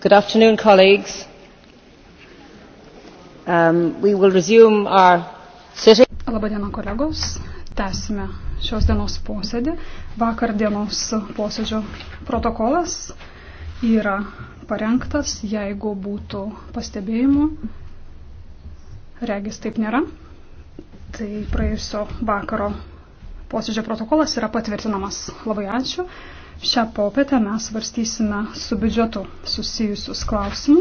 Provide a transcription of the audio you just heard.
Good afternoon, colleagues. Um, we will resume our sitting. Labadiena, kolegos. Tęsime šios dienos posėdį. Vakar dienos posėdžio protokolas yra parengtas, jeigu būtų pastebėjimų. Regis taip nėra. Tai praėjusio vakaro Posėdžio protokolas yra patvirtinamas. Labai ačiū. Šią popietę mes svarstysime su biudžetu susijusius klausimus.